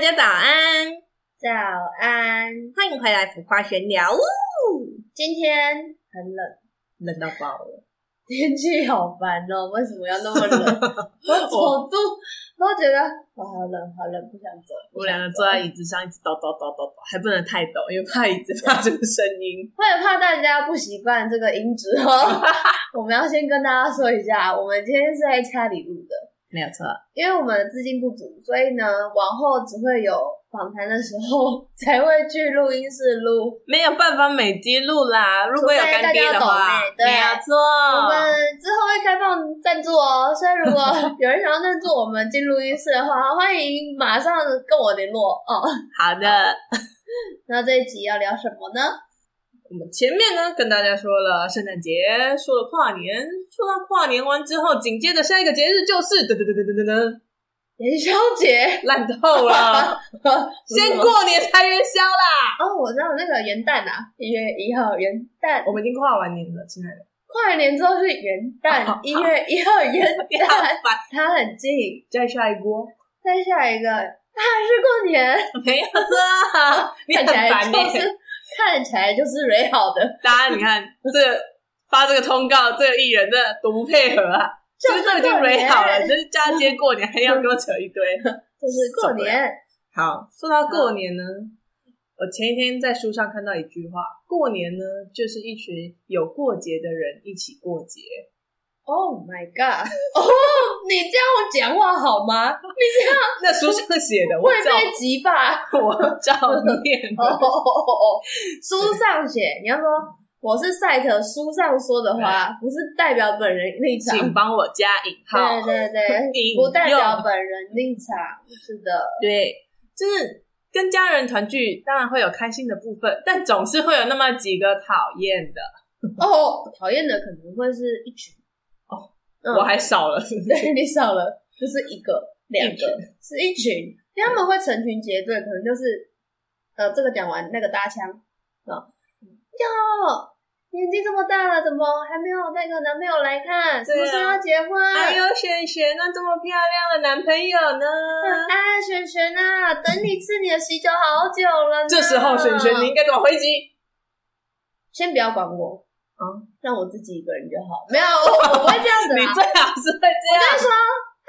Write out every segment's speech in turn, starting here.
大家早安，早安，歡迎回來《浮誇閒聊》，今天很冷，冷到爆了，天氣好煩哦、喔！為什麼要那麼冷？ 都我走都都覺得好冷，好冷，不想走。不想走我兩個坐在椅子上，一直抖抖抖抖，抖，還不能太抖，因為怕椅子發出這個聲音，我會怕大家不習慣這個音質哦、喔。 我們要先跟大家說一下，我們今天是在拆禮物的。沒有錯，因為我們資金不足，所以呢，往後只會有訪談的時候才會去錄音室錄，沒有辦法每集錄啦。如果有乾爹的話，對沒有錯，我們之後會開放贊助哦。所以如果有人想要贊助我們進錄音室的話， 歡迎馬上跟我聯絡。哦。好的。哦，那這一集要聊什麼呢？我們前面呢跟大家說了聖誕節，說了跨年。說到跨年完之後，緊接着下一個節日就是噔噔噔噔噔噔元宵節爛透了， 不是 先過年才元宵啦！哦，我知道那個元旦啊，一月一號元旦，我們已經跨完年了，親愛的。跨完年之後是元旦，啊、一月一號元旦，好好好，它很近， 再下一波，再下一個，還、啊、是過年？沒有啦，看起來就是美好的，大家你看，就是。發這個通告，這個藝人的，這多不配合啊！其實這已經沒好了，就是家家過年還要給我扯一堆。就 是過年、啊、好，說到過年呢，嗯、我前一天在書上看到一句話：過年呢，就是一群有過節的人一起過節。Oh my God！哦，oh, 你這樣講話好嗎？ 你這樣 那書上寫的，我照 念哦哦哦哦，oh, oh, oh, oh. 書上寫你要說。 我是賽特書上說的話，對不是代表本人立場。請幫我加引號。對對對，用不代表本人立場，是的。對，就是跟家人團聚，當然會有開心的部分，但總是會有那麼幾個討厭的。哦，討厭的可能會是一群。哦，我還少了是是、嗯，對，你少了，就是一個、兩個，一 是一群。他們會成群結隊，可能就是……呃，這個講完，那個搭腔。喲，年紀、哎、這麼大了，怎麼還沒有那個男朋友來看？是不是要結婚？還有雪璇呢，玄玄這麼漂亮的男朋友呢？哎、 啊，雪璇啊，等你吃你的喜酒好久了呢。這時候，雪璇你應該怎麼回擊？先不要管我啊，讓我自己一個人就好。沒有，我不會這樣子、啊、 你最好是會這樣。我跟你說。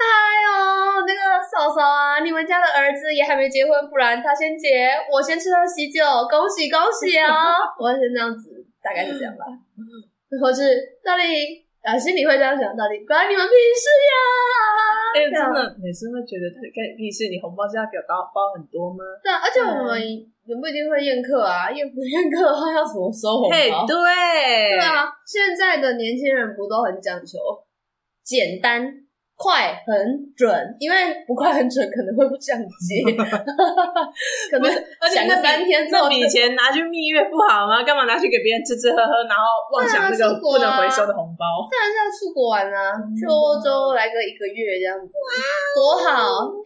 哎呦、哦，那個嫂嫂啊，你們家的兒子也還沒結婚，不然他先結，我先吃他喜酒，恭喜恭喜啊、哦！ 我是那樣子，大概是這樣吧。或 是到底，老、啊、心裡會這樣想：到底管你們屁事呀、啊欸？真的，我真的覺得，跟屁事，你紅包是要表達包很多嗎？對、啊，而且我們也、嗯、不一定會宴客啊，宴不宴客的話，要怎麼收紅包？對，對啊，現在的年輕人不都很講求簡單。快很準，因為不快很準可能會不降級， 可能想個，而且那三天這筆錢拿去蜜月不好嗎？幹嘛拿去給別人吃吃喝喝，然後妄想這個不能回收的紅包？當然是要出國玩啊，嗯、去歐洲來個一個月這樣子，哇塞多好！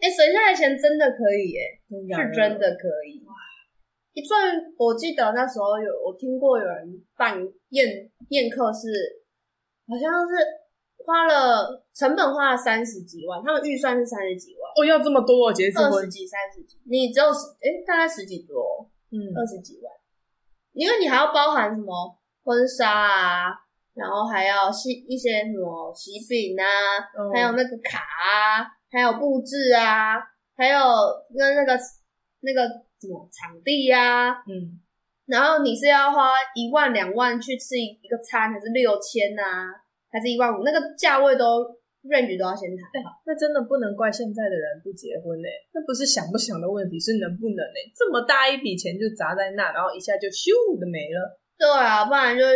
哎、欸，省下來錢真的可以、欸，耶，是真的可以類一轉，我記得那時候有我聽過有人辦宴宴客是，好像是。花了成本花了三十幾萬，他們預算是三十幾萬。哦，要這麼多結婚？二十幾、三十幾，你只有十，誒、欸、大概十幾桌，嗯，二十幾萬，嗯、因為你還要包含什麼婚紗啊，然後還要一些什麼喜餅啊，嗯、還有那個卡啊，還有布置啊，還有那個、那個那個什麼場地呀、啊，嗯，然後你是要花一萬兩萬去吃一個餐，還是六千啊？還是一萬五，那個價位都認 a 都要先談、欸。那真的不能怪現在的人不結婚呢、欸。那不是想不想的問題，是能不能呢、欸。這麼大一筆錢就砸在那，然後一下就咻的沒了。對啊，不然就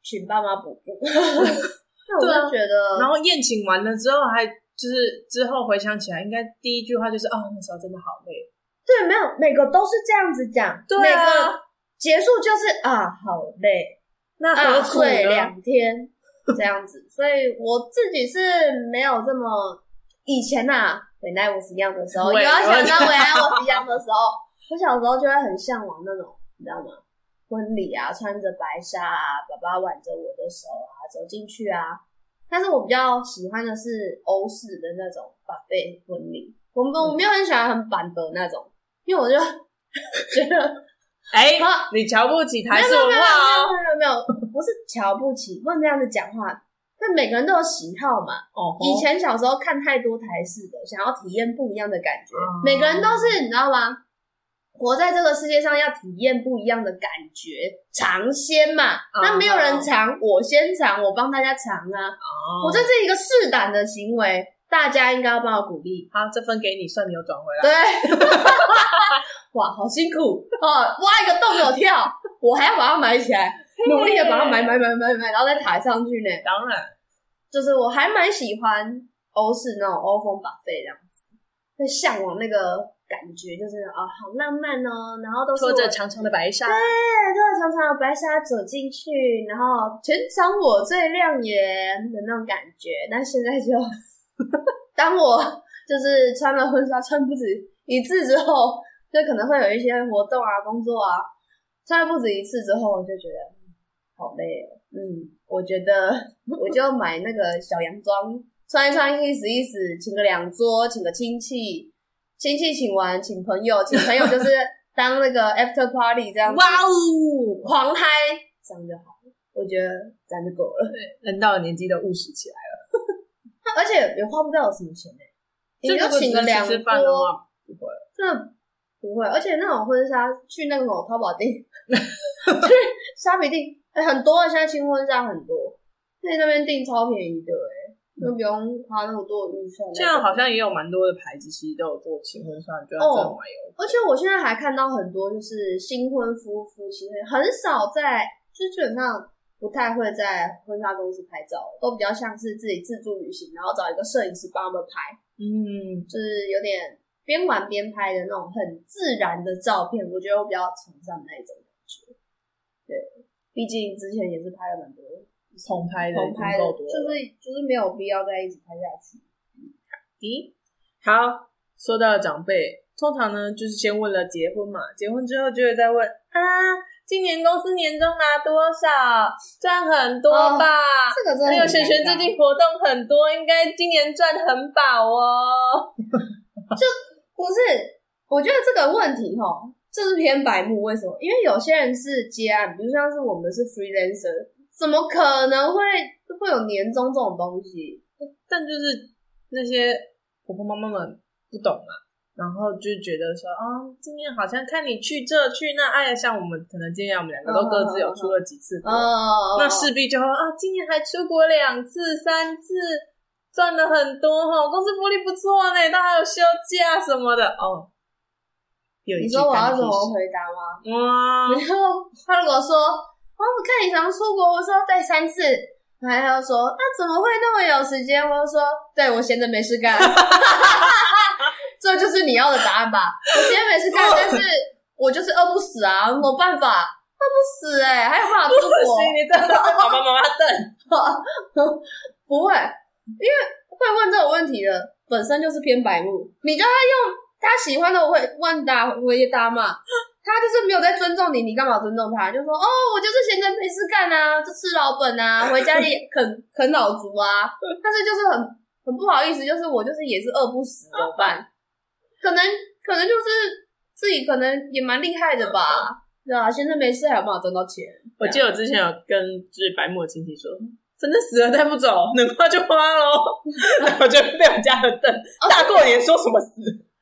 請爸媽補助。對、嗯、 我就覺得、啊，然後宴請完了之後還，還就是之後回想起來，應該第一句話就是啊、哦，那時候真的好累。對，沒有每個都是這樣子講，對啊、每個結束就是啊，好累。那何苦兩天？ 這樣子，所以我自己是沒有這麼以前吶、啊，維我是一樣的時候，有尤其在維我是一樣的時候， 我小時候就會很向往那種，你知道嗎？婚禮啊，穿着白紗、啊，爸爸挽着我的手啊，走進去啊。但是我比較喜歡的是歐式的那種寶貝婚禮，我我沒有很喜歡很板的那種，因為我就覺得。哎，欸、好你瞧不起台式文化？哦，沒？沒有沒有沒有沒有沒有，不是瞧不起，不能這樣子講話。那 每個人都有喜好嘛。Uh huh. 以前小時候看太多台式的，想要體驗不一樣的感覺。Uh huh. 每個人都是你知道嗎？活在這個世界上要體驗不一樣的感覺，嘗鮮嘛。那、uh huh. 沒有人嘗，我先嘗，我幫大家嘗啊。Uh huh. 我這是一個試膽的行為。大家應該要幫我鼓勵，好、啊，這分給你，算你有轉回來。對， 哇，好辛苦哦，挖、啊、一個洞有跳，我還要把它埋起來，努力的把它埋埋埋埋埋，埋，然後再抬上去呢。當然，就是我還蠻喜歡歐式那種歐風 buffet 這樣子，嚮往那個感覺，就是啊、哦，好浪漫哦。然後都是拖着長長的白紗，對，拖着長長的白紗走進去，然後全場我最亮眼的那種感覺。那現在就。 當我就是穿了婚紗穿不止一次之後，就可能會有一些活動啊、工作啊，穿了不止一次之後，我就覺得好累哦。嗯， 我覺得我就買那個小洋裝穿一穿，意思意思，請個兩桌，請個親戚，親戚請完，請朋友，請朋友就是當那個 after party 這樣，哇哦，狂嗨，這樣就好了。我覺得這樣就夠了，對，人到了年紀都務實起來了。而且也花不到有什麼錢呢、欸，你就請就個兩桌，吃飯的話不會了，這、嗯、不會，而且那種婚紗去那個某淘寶訂，蝦 皮訂，哎、欸，很多啊，現在輕婚紗很多，所以那邊訂超便宜的、欸，哎、嗯，就不用花那麼多的預算的。這樣好像也有蠻多的牌子，其實都有做輕婚紗，就要買、哦、而且我現在還看到很多，就是新婚夫婦其實很少在，就基本上。不太會在婚紗公司拍照，都比較像是自己自助旅行，然後找一個攝影師幫他們拍，嗯，就是有點邊玩邊拍的那種很自然的照片，我覺得我比較崇尚那種感覺。對，畢竟之前也是拍了蠻多，重拍的，重拍的，就是就是沒有必要再一直拍下去。咦、嗯，嗯、好，說到長輩，通常呢就是先問了結婚嘛，結婚之後就會再問啊。今年公司年終拿、啊、多少？賺很多吧？哦，這個、很還有璇璇最近活動很多，應該今年賺很飽哦。 就不是，我覺得這個問題哈、哦，這、就是偏白目。為什麼？因為有些人是接案，比如像是我們是 freelancer，怎麼可能會會有年終這種東西？但就是那些婆婆媽媽們不懂嘛。然後就覺得說，啊、哦、今年好像看你去這去那，哎呀，像我們可能今年我們兩個都各自有出了幾次，oh, oh, oh, oh. 那勢必就會啊、哦，今年還出國兩次三次，賺的很多哈，公司福利不錯呢，都還有休假什麼的哦。有一你說我要怎麼回答嗎？哇，嗯、然後他如果說，哦，我看你常出國，我說帶三次，還要說那怎麼會那麼有時間？我說對，我閒着沒事幹。 這就是你要的答案吧？ 我今天沒事幹， 但是我就是餓不死啊，沒 辦法，餓不死哎、欸，還畫不活。你真的爸爸媽媽瞪？不會，因為會問這種問題的本身就是偏白目。你叫他用他喜歡的，我會問答，我也答嘛。他就是沒有在尊重你，你幹嘛尊重他？就說哦，我就是閒着沒事幹吶、啊，就吃老本吶、啊，回家裡也啃啃老族啊。但是就是很很不好意思，就是我就是也是餓不死，怎麼辦？ 可能可能就是自己可能也蠻厲害的吧，對啊、嗯，現在沒事還有辦法掙到錢。我記得我之前有跟就是白目親戚說，嗯、真的死了帶不走，能花就花嘍，嗯、然後就被我家的瞪。哦，大過年說什麼死？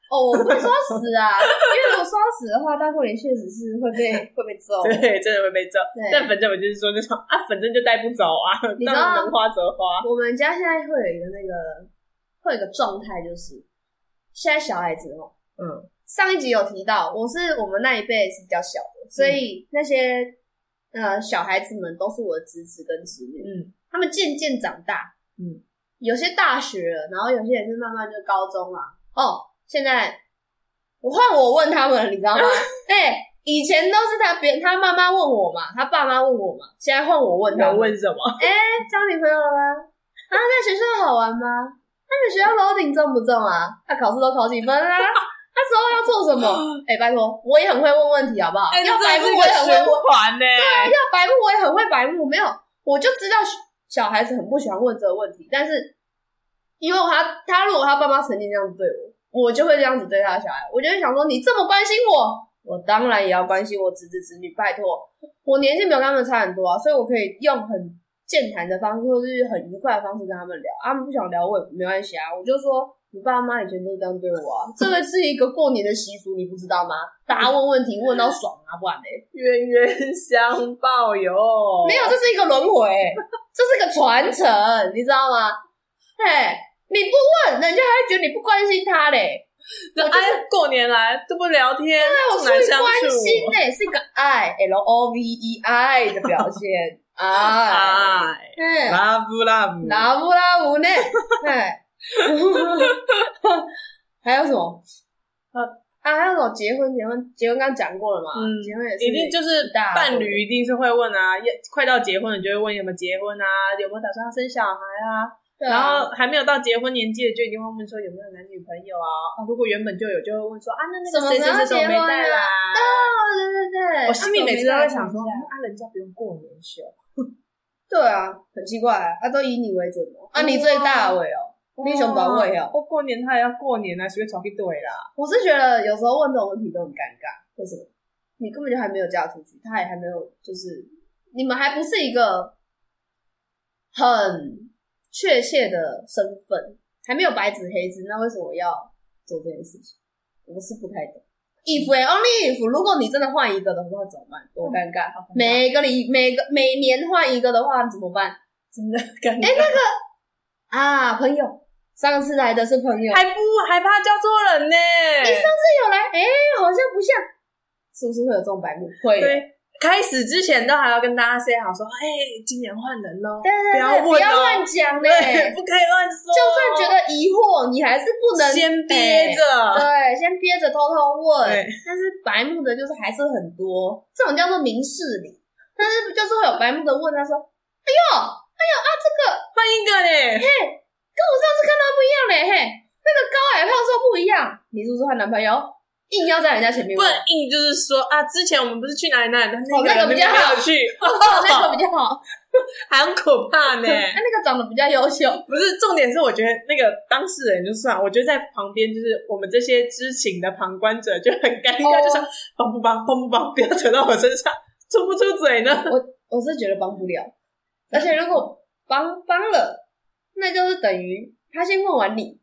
哦，我不說死啊， 因為如果說死的話，大過年確實是會被會被揍，對，真的會被揍。對但反正我就是說，那種，啊，反正就帶不走啊，你知道能花則花。我們家現在會有一個那個會有一個狀態，就是。現在小孩子哦、喔，嗯，上一集有提到，我是我們那一輩是比較小的，嗯、所以那些呃小孩子們都是我的侄子跟侄女，嗯，他們漸漸長大，嗯，有些大學了，然後有些也是慢慢就高中了，嗯、哦，現在我換我問他們，你知道嗎？哎、 欸，以前都是他別他媽媽問我嘛，他爸媽問我嘛，現在換我問他們，問什麼？哎、欸，交女朋友了嗎？ 啊，在學校好玩嗎？他們學校樓頂重不重啊？他、啊、考試都考幾分啊？他之後要做什麼？哎、欸，拜托，我也很會問問題，好不好？欸、要白目我也很會玩呢。欸欸、對，要白目我也很會白目。沒有，我就知道小孩子很不喜歡問這個問題。但是，因為他，他如果他爸媽曾經這樣子對我，我就會這樣子對他的小孩。我就會想說，你這麼關心我，我當然也要關心我姪子姪女。拜托，我年紀沒有他們差很多，啊，所以我可以用很。健談的方式，或是很愉快的方式跟他們聊，他、啊、們不想聊我也沒關係啊。我就說，你爸媽以前都是這樣對我啊。這個是一個過年的習俗，你不知道嗎？大家問問題問到爽啊，不然嘞？欸，冤冤相報喲。沒有，這是一個輪迴，這是一個傳承，你知道嗎？嘿，你不問人家，還會覺得你不關心他嘞。人家 The、就是、過年來這不聊天，最關心嘞、欸、我是一個愛 （L O V E I） 的表現。 哎，哎、啊，拉布拉布，拉布拉布呢？哎，哈哈哈哈哈哈，還有什麼？他啊還有什麼？結婚結婚結婚，剛剛講過了嘛？嗯，結婚也是一定就是伴侶，一定是會問啊，也快到結婚了就會問什麼結婚啊，有沒有打算要生小孩啊？啊然後還沒有到結婚年紀的就一定會問說有沒有男女朋友啊？啊，如果原本就有就會問說啊那那個什麼什麼沒帶啦？對對對，我心裡每次都在想說啊人家不用過年休。 對啊，很奇怪啊，他、啊、都以你為準哦、喔，啊你最大位、喔、哦，英雄本位哦，過過年他也要過年啊，所以超級對啦。我是覺得有時候問這種問題都很尷尬，為什麼？你根本就還沒有嫁出去，他也還，還沒有，就是你們還不是一個很確切的身份，還沒有白紙黑字，那為什麼我要做這件事情？我是不太懂。if only if，如果你真的換一個的話，怎麼辦？多尷尬！每個禮每個每年換一個的話，怎麼辦？真的尷尬。哎，那個啊，朋友，上次來的是朋友，還不害怕叫錯人呢？你上次有來？哎，好像不像，是不是會有這種白目？會。開始之前都還要跟大家 say 好，說哎，今年換人嘍，對對對。不要亂講，對，不可以亂說。就算覺得疑惑，你還是不能先憋着。對。憋着偷偷問，對但是白目的就是還是很多，這種叫做明事理，但是就是會有白目的問他說：“哎呦，哎呦啊，這個換一個嘞，嘿，跟我上次看到不一樣嘞，嘿，那個高矮胖瘦不一樣，你是不是換男朋友？硬要在人家前面問，硬就是說啊，之前我們不是去哪裡哪裡的那個比較好？去、哦，那個比較好。哦” 還很可怕呢，他那個長得比較優秀。不是，重點是，我覺得那個當事人就算，我覺得在旁邊就是我們這些知情的旁觀者就很尷尬，oh、就說幫不幫，幫不幫，不要扯到我身上，出不出嘴呢？我我是覺得幫不了，而且如果幫幫了，那就是等於他先問完你，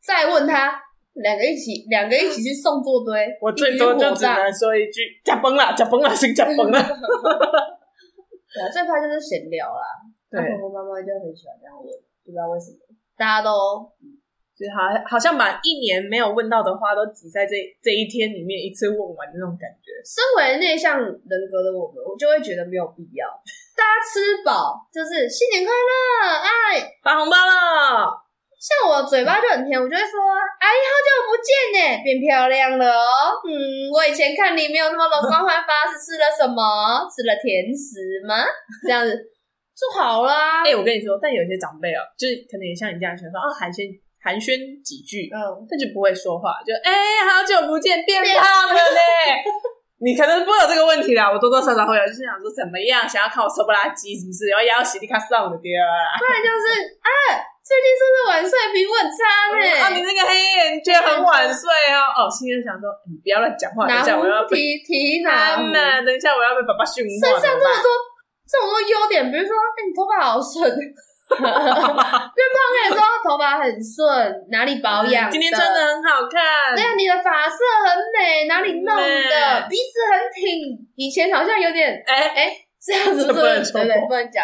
再問他，兩個一起，兩個一起去送作堆，我最多就只能說一句呷飯了，呷飯了，先呷飯了？ 對，最怕就是閒聊啦。對，婆婆媽媽就很喜歡這樣問，對不知道為什麼，大家都、嗯、就好好像把一年沒有問到的話都擠在這這一天裡面一次問完的那種感覺。身為內向人格的我們，我就會覺得沒有必要。大家吃飽，就是新年快樂！哎，發紅包了。像我嘴巴就很甜，嗯、我就會說哎，好久不見呢、欸，變漂亮了哦。嗯，我以前看你沒有那麼容光煥發，是吃了什麼？吃了甜食嗎？這樣子就好啦。哎、欸，我跟你說，但有些長輩哦、喔，就是可能也像你這樣想說啊寒暄寒暄幾句，嗯，但就不會說話，就哎、欸、好久不見，變胖了嘞。 你可能不會有這個問題啦。我多多少少會有，就是想說怎麼樣，想要看我瘦不拉幾，是不是？然後要洗地看上的掉啊。不然就是啊。欸最近是不是晚睡，皮膚很差呢？啊，你那個黑眼圈很晚睡哦、喔。哦，心裡想說，你不要亂講話，亂講有我要提提拿。等一下我要被爸爸訓。身上這麼多這麼多優點，比如說，哎、欸，你頭髮好順。哈哈哈哈哈。最你說，頭髮很順，哪裡保養？今天穿得很好看。對啊，你的髮色很美，哪裡弄的？嗯、鼻子很挺，以前好像有點……哎哎、欸。欸這樣子做，不能對不對？不會講，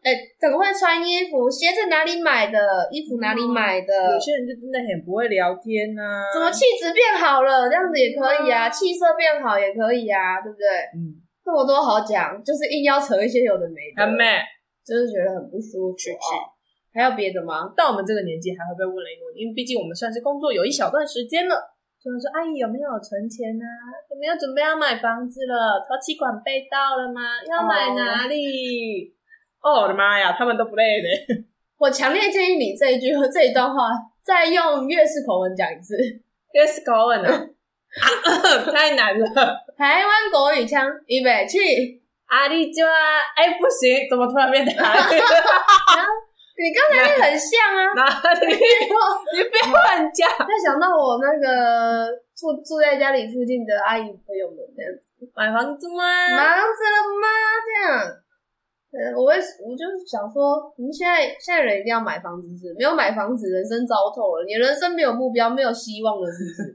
哎， 怎麼會穿衣服？鞋子哪裡買的？衣服哪裡買的？嗯、有些人就真的很不會聊天吶、啊。怎麼氣質變好了？這樣子也可以啊，嗯、啊氣色變好也可以啊，對不對？嗯，這麼多好講，就是硬要扯一些有的沒的，真的、嗯、覺得很不舒服。嗯、還有別的嗎？到我們這個年紀還會被問了一問，一因為畢竟我們算是工作有一小段時間了。所以說，阿、哎、姨有沒有存錢呢、啊？有沒有準備要買房子了？頭期款被盜了嗎？要買哪裡？哦，我的媽呀，他們都不累的。我強烈建議你這一句和這一段話，再用粵式口吻講一次。粵式口吻啊， 啊、呃，太難了。台灣國語腔預備去阿里抓哎，不行，怎麼突然變台？ 你剛才你很像啊！哪裡？你，你不要亂講。在想到我那個住住在家裡附近的阿姨朋友們這樣子，買房子嗎？買房子了嗎？這樣，我會，我就想說，我們現在現在人一定要買房子是不是，是沒有買房子，人生糟透了。你人生沒有目標，沒有希望了，是不是？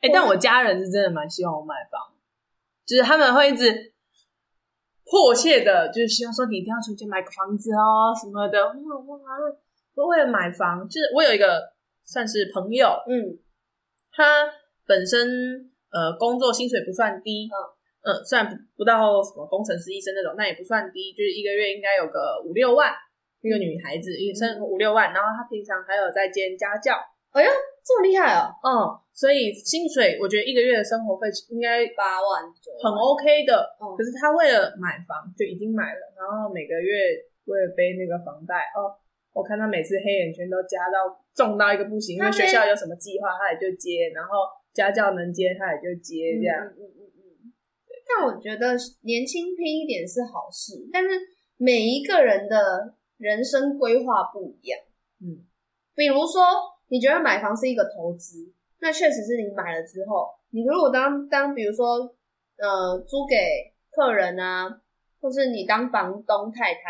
欸，但我家人是真的蠻希望我買房，就是他們會一直。迫切的，就是希望說你一定要出去買個房子哦，什麼的，我為了買房，就是我有一個算是朋友，嗯，他本身呃工作薪水不算低，嗯,嗯算不到什麼工程師、醫生那種，那也不算低，就是一個月應該有個五六萬。一個女孩子女生五六萬，然後她平常還有在兼家教。哎呀，這麼厲害啊、哦！嗯，所以薪水我覺得一個月的生活費應該八萬左右很 OK 的。可是他為了買房就已經買了，嗯、然後每個月為了背那個房貸哦，我看他每次黑眼圈都加到重到一個不行。因為學校有什麼計劃，他也就接；然後家教能接，他也就接。這樣，嗯嗯嗯。但、嗯嗯嗯、我覺得年輕拼一點是好事，但是每一個人的人生規劃不一樣。嗯，比如說。你覺得買房是一個投資？那確實是你買了之後，你如果當當，比如說，呃，租給客人啊，或是你當房東太太，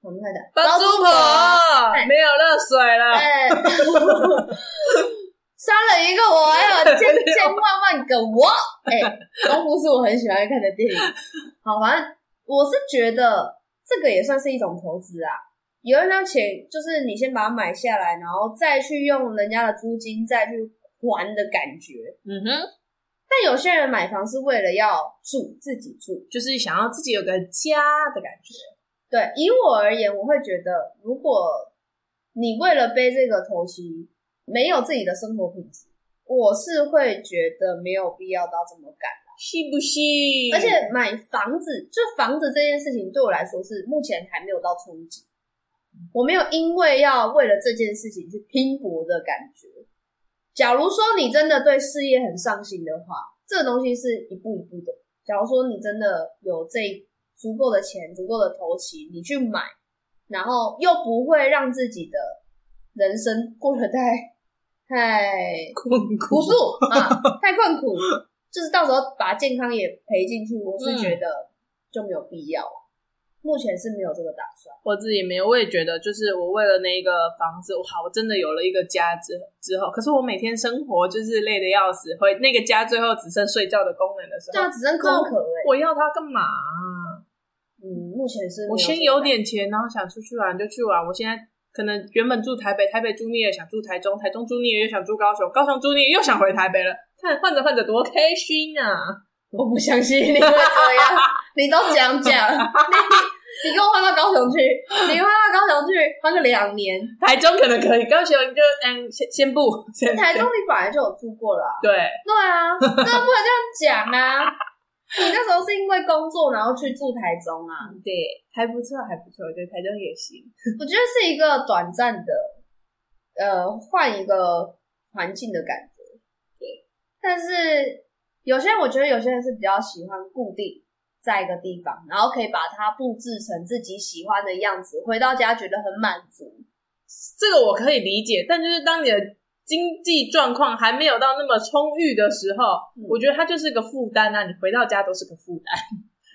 房東太太？包租婆沒有熱水了，殺、哎哎、 了一個我，還有千千萬萬個我。哎，功夫是我很喜歡看的電影，好玩。反正我是覺得這個也算是一種投資啊。有一張錢，就是你先把它買下來，然後再去用人家的租金再去還的感覺。嗯哼。但有些人買房是為了要住自己住，就是想要自己有個家的感覺。對，以我而言，我會覺得，如果你為了背這個頭期，沒有自己的生活品質，我是會覺得沒有必要到這麼幹、啊、是信不信？而且買房子，就房子這件事情，對我來說是目前還沒有到衝擊。我沒有因為要為了這件事情去拼搏的感覺。假如說你真的對事業很上心的話，這個東西是一步一步的。假如說你真的有這足夠的錢、足夠的頭期，你去買，然後又不會讓自己的人生過得太太困苦啊， 太困苦，就是到時候把健康也賠進去，我是覺得就沒有必要了。嗯目前是沒有這個打算，我自己沒有，我也覺得就是我為了那一個房子，我好，我真的有了一個家之之後，可是我每天生活就是累得要死回，回那個家最後只剩睡覺的功能的時候，這樣只剩空殼，欸，我要它幹嘛，啊？嗯，目前是，我先有點錢，然後想出去玩就去玩。我現在可能原本住台北，台北住膩也想住台中，台中住膩也又想住高雄，高雄住膩又想回台北了，看，換著換著多開心啊！我不相信你會這樣， 你都講講，你你給我換到高雄去，你換到高雄去，換個兩年，台中可能可以，高雄就先先先不。台中你本來就有住過了啊，對，對啊，那不能這樣講啊！ 你那時候是因為工作，然後去住台中啊？對，還不錯，還不錯，對，台中也行， 我覺得是一個短暫的，呃，換一個環境的感覺，對，但是。有些人我覺得有些人是比較喜歡固定在一個地方，然後可以把它布置成自己喜歡的樣子，回到家覺得很滿足。這個我可以理解，但就是當你的經濟狀況還沒有到那麼充裕的時候，嗯，我覺得它就是個負擔啊！你回到家都是個負擔。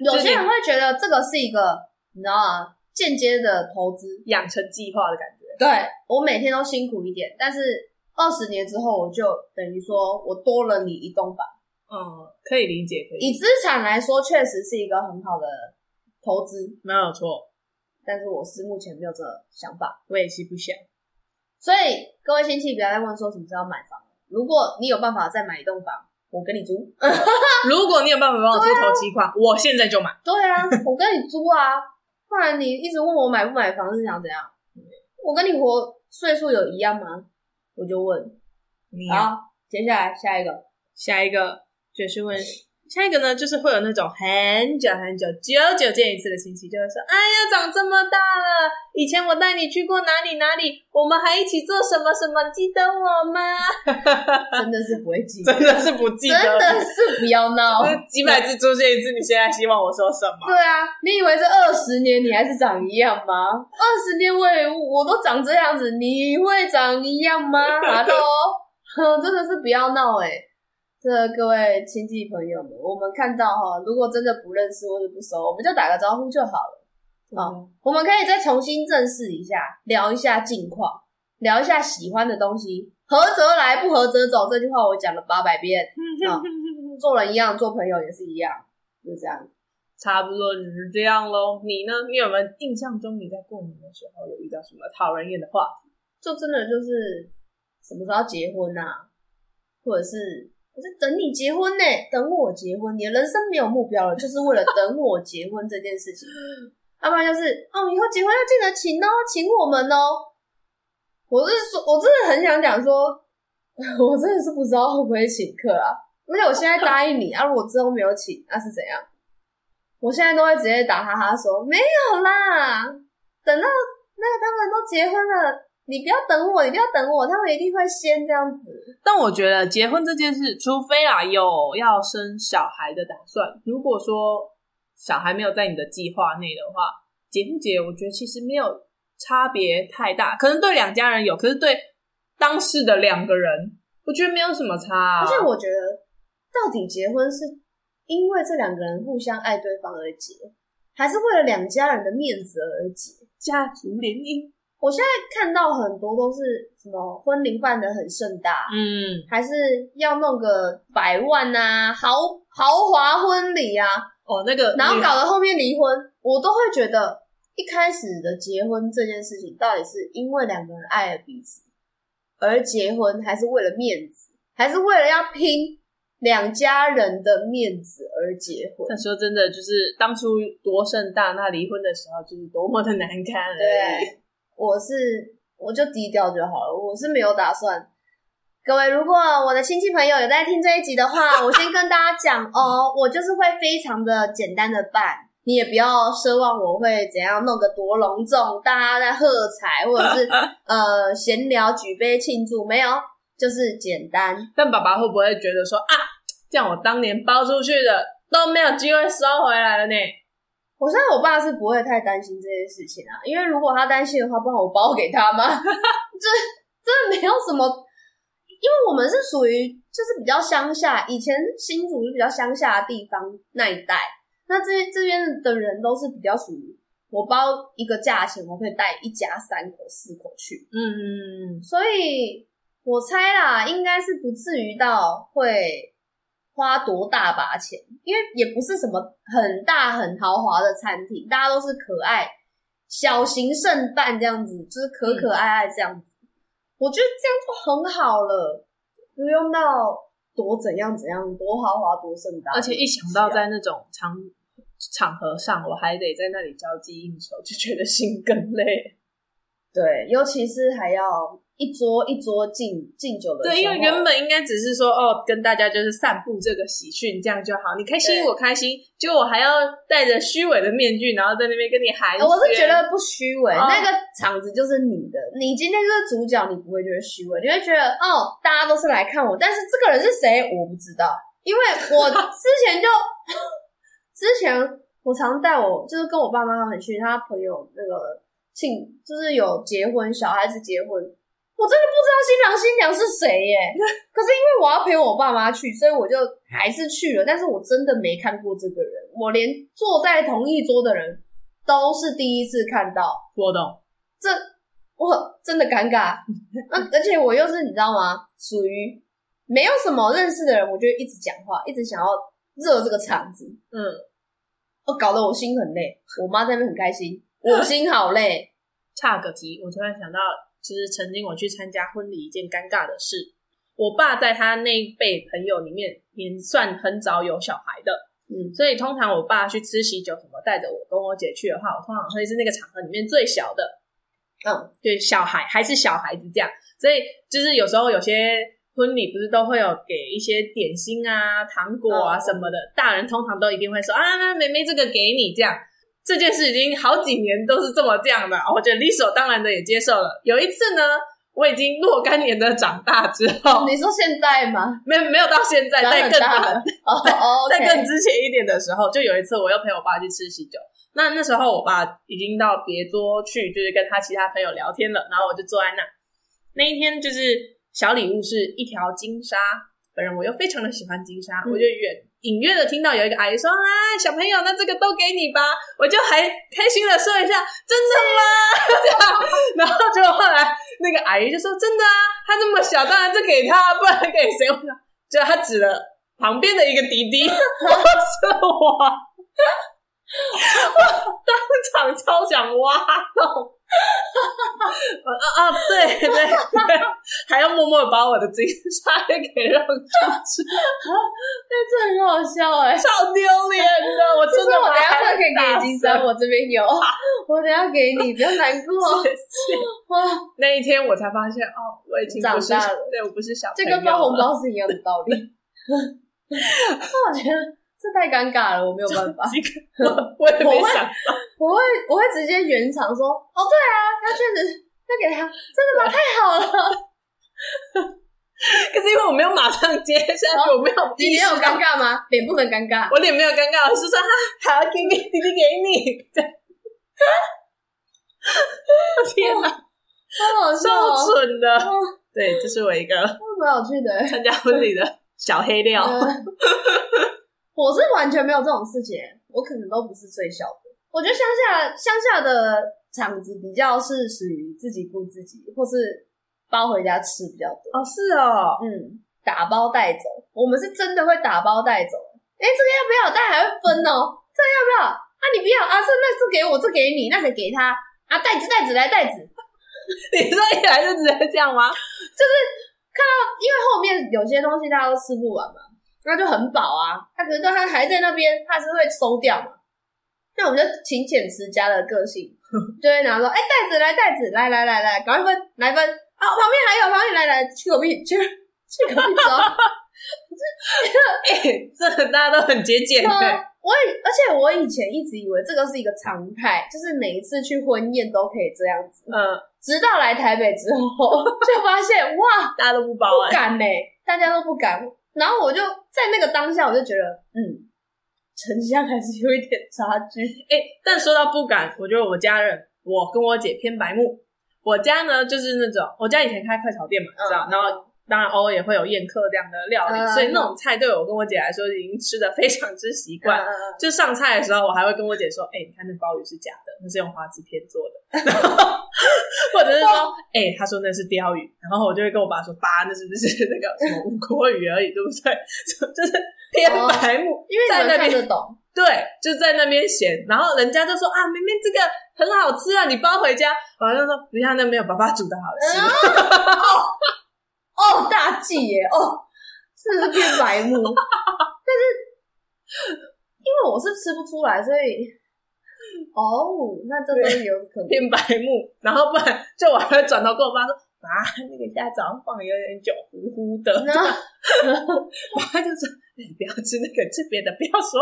有些人會覺得這個是一個你知道啊，間接的投資養成計劃的感覺。對，我每天都辛苦一點，但是二十年之後，我就等於說我多了你一棟房。嗯，可以理解，可以，以資產來說，確實是一個很好的投資，沒有錯。但是我是目前沒有這想法，我也是不想。所以各位親戚不要再問說什麼時候要買房。如果你有辦法再買一棟房，我跟你租。 如果你有辦法幫我租投機款，啊、我現在就買。對啊，我跟你租啊。不然 你一直問我買不買房是想怎樣？我跟你活歲數有一樣嗎？我就問、啊、好、啊，接下來下一個，下一個。就是會，下一個呢，就是會有那種很久很久，久久見一次的親戚，就會說：“哎呀，長這麼大了，以前我帶你去過哪裡哪裡，我們還一起做什麼什麼，記得我嗎？” 真的是不會記得，真的是不記得，真的是不要鬧，幾百次出現一次，你現在希望我說什麼？ 對啊，你以為這二十年你還是長一樣嗎？二十年我我都長這樣子，你會長一樣嗎？Hello 真的是不要鬧哎，欸。這各位親戚朋友們，我們看到哈、哦，如果真的不認識或者不熟，我們就打個招呼就好了、嗯哦、我們可以再重新正視一下，聊一下近況，聊一下喜歡的東西。合則來，不合則走。這句話我講了八百遍。做人一樣，做朋友也是一樣，就這樣，差不多就是這樣咯。你呢？你有沒有印象中你在過年的時候有遇到什麼討人厭的話題？就真的就是什麼時候結婚啊，或者是，我在等你結婚呢、欸，等我結婚，你的人生沒有目標了，就是為了等我結婚這件事情。 啊、不然就是哦，以後結婚要記得請哦，請我們哦。我是說，我真的很想講說，我真的是不知道會不會請客啊。而且我現在答應你， 啊，如果之後沒有請，那是怎樣？我現在都會直接打哈哈說沒有啦。等到那個他們都結婚了。你不要等我，你不要等我，他們一定會先這樣子。但我覺得結婚這件事，除非啊有要生小孩的打算，如果說小孩沒有在你的計劃內的話，結不結，我覺得其實沒有差別太大。可能對兩家人有，可是對當事的兩個人，我覺得沒有什麼差啊。而且我覺得，到底結婚是因為這兩個人互相愛對方而結，還是為了兩家人的面子而結？家族聯姻。我現在看到很多都是什麼婚禮辦得很盛大，嗯，還是要弄個百萬啊，豪豪華婚禮啊。哦，那個，然後搞得後面離婚，我都會覺得一開始的結婚這件事情，到底是因為兩個人愛了彼此而結婚，還是為了面子，還是為了要拼兩家人的面子而結婚？但說真的，就是當初多盛大，那離婚的時候就是多麼的難堪、欸，對。我是我就低調就好了，我是沒有打算。各位，如果我的親戚朋友有在聽這一集的話，我先跟大家講 哦，我就是會非常的簡單的辦，你也不要奢望我會怎樣弄得多隆重，大家在喝彩或者是 呃，閒聊舉杯慶祝，沒有，就是簡單。但爸爸會不會覺得說啊，這樣我當年包出去的都沒有機會收回來了呢？我現在我爸是不會太擔心這些事情啊，因為如果他擔心的話，不然我包給他嗎？這 真的沒有什麼，因為我們是屬於就是比較鄉下，以前新竹是比較鄉下的地方那一帶，那這邊這邊的人都是比較屬於我包一個價錢，我可以帶一家三口、四口去，嗯，所以我猜啦，應該是不至於到會。花多大把錢？因為也不是什麼很大很豪華的餐廳，大家都是可愛小型聖誕這樣子，就是可可愛愛這樣子。嗯，我覺得這樣就很好了，不用到多怎樣怎樣，多豪華多盛大。而且一想到在那種場要場合上，我還得在那裡交際應酬，就覺得心更累。對，尤其是還要。一桌一桌敬敬酒的時候，對，因為原本應該只是說哦，跟大家就是散布這個喜訊，這樣就好，你開心對我開心，就我還要戴着虛偽的面具，對然後在那邊跟你嗨、呃。我是覺得不虛偽，哦、那個場子就是你的，你今天這個主角，你不會覺得虛偽，你會覺得哦，大家都是來看我，但是這個人是誰我不知道，因為我之前就 之前我常帶我就是跟我爸媽他們去，他朋友那個親就是有結婚，小孩子結婚。我真的不知道新郎新娘是誰耶，可是因為我要陪我爸媽去，所以我就還是去了。但是我真的沒看過這個人，我連坐在同一桌的人都是第一次看到。我懂，這我真的尷尬。而且我又是你知道嗎？屬於沒有什麼認識的人，我就一直講話，一直想要熱這個場子。嗯，我搞得我心很累。我媽在那邊很開心，我心好累。 岔個題，我突然想到了。其實曾經我去參加婚禮一件尷尬的事，我爸在他那一輩朋友裡面也算很早有小孩的，嗯，所以通常我爸去吃喜酒什麼，帶着我跟我姐去的話，我通常會是那個場合裡面最小的，嗯，對，小孩還是小孩子這樣，所以就是有時候有些婚禮不是都會有給一些點心啊、糖果啊什麼的，嗯、大人通常都一定會說啊，妹妹這個給你這樣。這件事已經好幾年都是這麼這樣的，我覺得理所當然的也接受了。有一次呢，我已經若干年的長大之後，你說現在嗎？沒有沒有到現在，在更大，oh, okay. 在在更之前一點的時候，就有一次，我又陪我爸去吃喜酒。那那時候我爸已經到別桌去，就是跟他其他朋友聊天了，然後我就坐在那。那一天就是小禮物是一條金沙，本人我又非常的喜歡金沙，我就遠。嗯隱約的聽到有一個阿姨說啊，小朋友，那這個都給你吧，我就還開心的說一下，真的嗎？對啊，然後就後來那個阿姨就說真的啊，他那麼小，當然就給他，不然給誰？我就，結果他指了旁邊的一個弟弟，不 是我，我當場超想挖洞。哈哈哈哈啊啊對對對，還要默默把我的金沙給讓出去，哎、 啊，這很好笑哎，好丟臉的！我真的，我等一下真的可以給金沙，我這邊有，啊、我等一下給你，不要難過。謝謝。那一天我才發現，哦，我已經不是小長大了，對我不是小，這跟發紅包是一樣的道理。的 我覺得。這太尷尬了，我沒有辦法。我也沒想到 我會我會，我會直接原廠說哦，對啊，他確實他給他真的嗎？對太好了。 可是因為我沒有馬上接下去，現在我沒有、啊哦、你臉有尷尬嗎？臉 不能尷尬， 我臉沒有尷尬，我是說他還要給給弟弟給你。給你 天哪，太、哦、好笑的，哦、對，這是我一個蠻好去的參加婚禮的小黑料。嗯 我是完全沒有這種事情，我可能都不是最小的。我覺得鄉下鄉下的場子比較是屬於自己顧自己，或是包回家吃比較多。哦，是哦，嗯，打包帶走，我們是真的會打包帶走。哎、欸，這個要不要？大家還會分哦。這個、要不要？啊，你不要啊，這那是給我，這給你，那個給他啊。袋子袋子來袋子，子子 你說一來就直接這樣嗎？就是看到，因為後面有些東西大家都吃不完嘛。那就很飽啊！他、啊、可能他還在那邊，怕是會收掉嘛。那我們就勤儉持家的個性，就會拿說：“哎、欸，袋子來，袋子來，來來來，趕快分來分啊、哦！旁邊還有，旁邊來來去隔壁去去隔壁走。”這、 欸、這大家都很節儉的。我以而且我以前一直以為這個是一個常態，就是每一次去婚宴都可以這樣子。嗯、呃，直到來台北之後，就發現哇，大家都不包，不敢呢、欸，大家都不敢。然後我就在那個當下，我就覺得，嗯，成績還是有一點差距。哎，但說到不敢，我覺得我家人，我跟我姐偏白目，我家呢就是那種，我家以前開快炒店嘛，知道、嗯、是吧？然後。當然，偶、哦、爾也會有宴客這樣的料理，啊、所以那種菜對我跟我姐來說已經吃得非常之習慣。啊、就上菜的時候，我還會跟我姐說：“哎、 欸，你看那鮑魚是假的，那是用花枝片做的。然後”嗯、或者是說：“哎、嗯，她、欸、說那是鯛魚。”然後我就會跟我爸說：“爸、嗯，那是不是那個什麼吳郭魚而已？對不對？嗯、 就是偏白目、哦，因為在那邊懂對，就在那邊鹹。然後人家就說：‘啊，明明這個很好吃啊，你包回家。’我就說：‘你看那沒有爸爸煮的好吃。嗯’” 哦，大忌耶！哦，是不是變白目？ 但是因為我是吃不出來，所以哦，那這東西有可能變白目。然後不然，就我還會轉頭跟我媽說：“啊，那個家早上放有點久，糊糊的。那”然後我媽就說：“你、欸、不要吃那個，吃別的，不要說，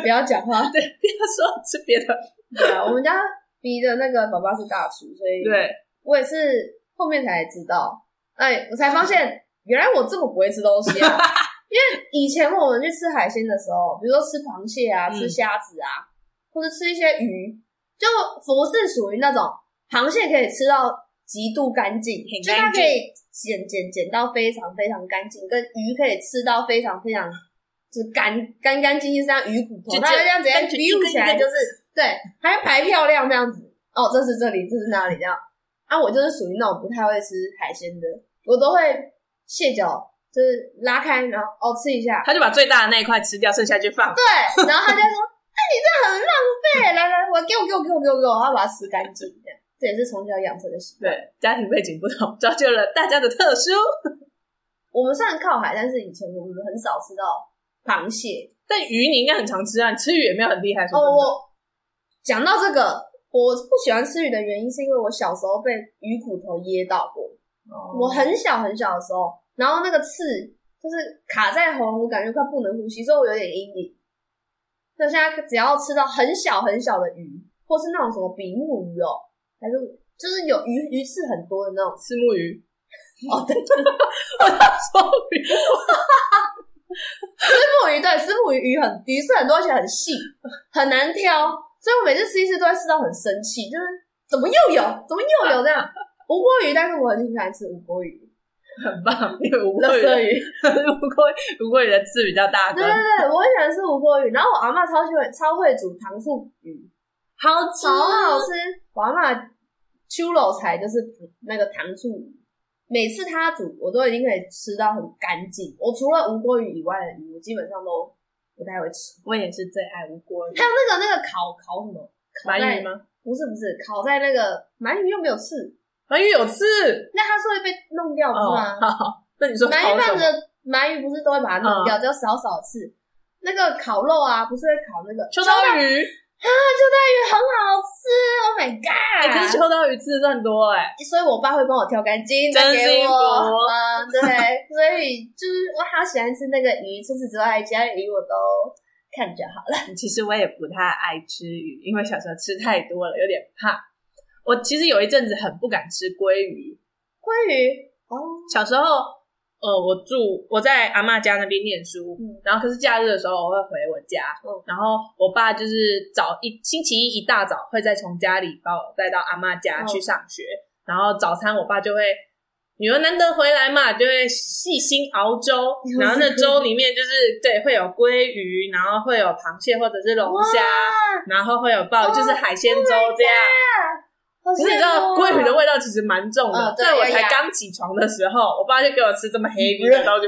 不要講話，對，不要說吃別的。”對啊，我們家逼的那個寶寶是大廚，所以對，我也是後面才知道。哎、欸，我才發現原來我這麼不會吃東西啊！ 因為以前我們去吃海鮮的時候，比如說吃螃蟹啊、吃蝦子啊，嗯、或者吃一些魚，就佛是屬於那種螃蟹可以吃到極度乾淨，就它可以撿撿撿到非常非常乾淨，跟魚可以吃到非常非常就是干干干淨淨，像魚骨頭，就就它這樣子比比起來就是一個一個對，還要排漂亮這樣子。哦，這是這裡，這是那裡，這樣啊，我就是屬於那種不太會吃海鮮的。我都會蟹腳，就是拉開，然後哦吃一下，他就把最大的那一塊吃掉，剩下就放。對，然後他就說：“哎、 欸，你這很浪費！來來，我給我給我給我給我，給我要把它吃乾淨。”這樣，這也是從小養成的習慣。對，家庭背景不同造就了大家的特殊。 我們雖然靠海，但是以前我們很少吃到螃蟹。但魚你應該很常吃啊，你吃魚也沒有很厲害說的。哦，我講到這個，我不喜歡吃魚的原因是因為我小時候被魚骨頭噎到過。Oh. 我很小很小的時候，然後那個刺就是卡在喉嚨，我感覺快不能呼吸，所以我有點陰影。那現在只要吃到很小很小的魚，或是那種什麼比目魚哦、喔，還是就是有魚魚刺很多的那種刺目魚哦，對對我要說魚，虱目魚對，虱目魚魚很魚刺很多而且很細，很難挑，所以我每次吃一次都會吃到很生氣，就是怎麼又有，怎麼又有這樣。無骨魚，但是我很喜歡吃無骨魚，很棒，因為無骨魚，魚， 魚，無骨魚的刺比較大。對對對，我很喜歡吃無骨魚。然後我阿媽超喜歡、超會煮糖醋魚，好吃、啊、超好吃。我阿媽手路菜就是那個糖醋魚，每次他煮我都已經可以吃到很乾淨。我除了無骨魚以外的魚，我基本上都不太會吃。我也是最愛無骨魚。還有那個那個烤烤什麼？鰻魚嗎？不是不是，烤在那個鰻魚又沒有刺。鰻魚有刺， 那它是會被弄掉的，不是嗎？好好，那你說鰻魚飯的鰻魚不是都會把它弄掉，嗯、只要少少刺。那個烤肉啊，不是會烤那個秋刀魚啊，秋刀魚很好吃。Oh my god！你吃、欸、秋刀魚刺算多誒、欸、所以我爸會幫我挑乾淨再給我。嗯，對，所以就是我好喜歡吃那個魚。除此之外，其他魚我都看着好了。其實我也不太愛吃魚，因為小時候吃太多了，有點怕。我其實有一陣子很不敢吃鮭魚，鮭魚哦，oh. 小時候呃，我住我在阿媽家那邊念書，嗯、然後可是假日的時候我會回我家，oh. 然後我爸就是早一星期一一大早會再從家裡把我帶到阿媽家去上學，oh. 然後早餐我爸就會女兒難得回來嘛，就會細心熬粥，然後那粥裡面就是 對，會有鮭魚，然後會有螃蟹或者是龍蝦，Wow. 然後會有鮑、oh, 就是海鮮粥這樣。其實你知道鮭、哦、魚的味道其實蠻重的，在、哦、我才剛起床的時候，啊、我爸就給我吃這麼 heavy 的東西，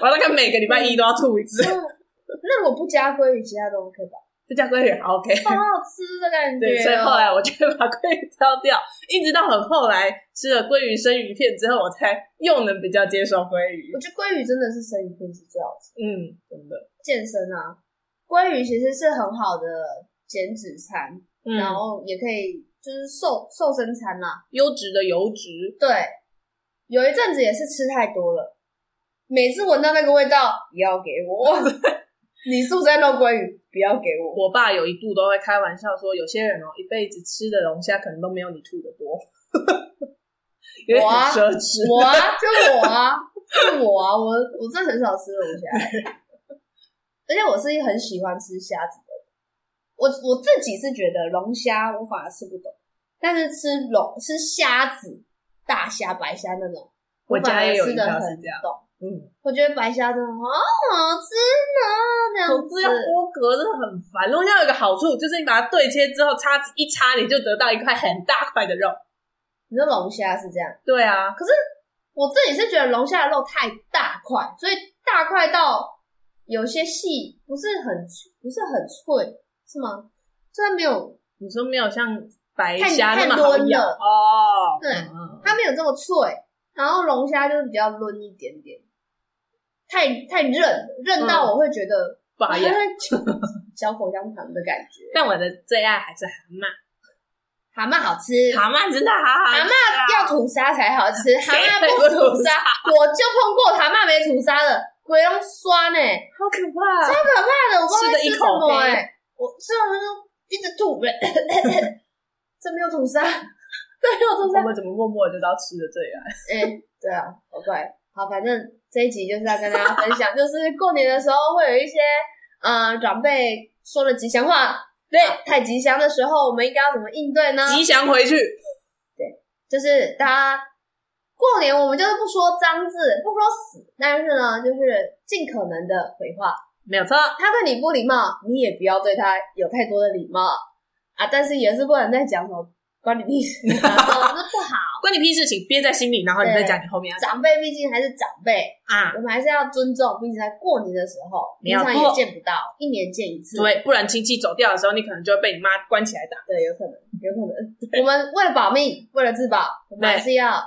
我大概每個禮拜一都要吐一次。那、嗯嗯、我不加鮭魚，其他都 OK 吧？不加鮭魚 OK，好好吃的感覺、哦對。所以後來我就把鮭魚挑掉，一直到很後來吃了鮭魚生魚片之後，我才又能比較接受鮭魚。我覺得鮭魚真的是生魚片是最好吃的，嗯，真的。健身啊，鮭魚其實是很好的減脂餐。嗯、然後也可以，就是瘦瘦身餐嘛，啊，優質的油脂。對，有一陣子也是吃太多了，每次聞到那個味道，不要給我。嗯、 你是不是在弄鮭魚不要給我？我爸有一度都會開玩笑說，有些人哦，喔，一輩子吃的龍蝦可能都沒有你吐的多。 有我啊，奢侈，我啊，就我啊，就我啊，我我真很少吃龍蝦，欸， 而且我是很喜歡吃蝦子。我我自己是覺得龍蝦我反而吃不懂，但是吃龍吃蝦子、大蝦、白蝦那種，我反而吃的很懂。這樣嗯，我覺得白蝦真的、哦、好好吃呢，啊，這樣子。從這樣剝殼真的很煩。龍蝦有一個好處就是你把它對切之後，叉子一叉你就得到一塊很大塊的肉。你說龍蝦是這樣？對啊。可是我自己是覺得龍蝦的肉太大塊，所以大塊到有些細不是很不是很脆。是嗎？雖然沒有你說沒有像白蝦那麼多咬的哦，對、嗯，嗯、它沒有這麼脆。然後龍蝦就是比較韌一點點，太太韌，韌到我會覺得，我覺得小口香糖的感覺。但我的最愛還是蛤蟆，蛤蟆好吃，蛤蟆真的好好吃、啊，蛤蟆要吐沙才好吃，蛤蟆不吐沙， 吐沙我就碰過蛤蟆沒吐沙的，鬼都酸呢、欸，好可怕、啊，超可怕的，我忘了吃什麼哎、欸。我吃完就一直吐是 這，這沒有吐沙，沒有吐沙。我們怎麼默默的就知道吃的最愛？哎、欸，對啊，好怪好，反正這一集就是要跟大家分享， 就是過年的時候會有一些嗯、呃、長輩說的吉祥話，對，太吉祥的時候我們應該要怎麼應對呢？吉祥回去，對，就是大家過年我們就是不說髒字，不說死，但是呢，就是盡可能的回話。沒有錯，他對你不禮貌，你也不要對他有太多的禮貌啊。但是也是不能再講什麼關你屁事，總是不好。關你屁事情，憋在心裡，然後你再講你後面。長輩畢竟還是長輩啊，我們還是要尊重。畢竟在過年的時候，平常也見不到，一年見一次。對，不然親戚走掉的時候，你可能就會被你媽關起來打。對，有可能，有可能。我們為了保命，為了自保，我們還是要。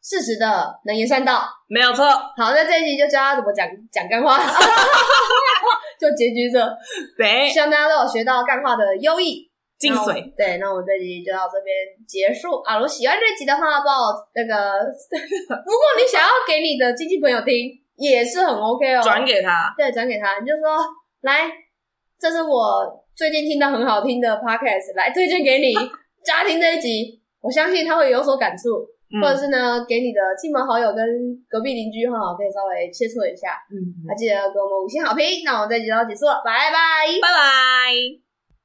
事實的能言善道沒有錯。好，那這一集就教他怎麼講講幹話， 就結局這，對。希望大家都有學到幹話的優異精髓。對，那我們這一集就到這邊結束啊！如果喜歡這一集的話，幫我那個， 如果你想要給你的親戚朋友聽，啊、也是很 OK 哦。轉給他，對，轉給他，你就說，來，這是我最近聽到很好聽的 Podcast，來推薦給你 家庭這一集，我相信他會有所感觸。或者是呢，給你的親朋好友跟隔壁鄰居哈、哦，可以稍微切磋一下。嗯，還、嗯啊、記得給我們五星好評。那我們這一集到此結束了，拜拜，拜拜。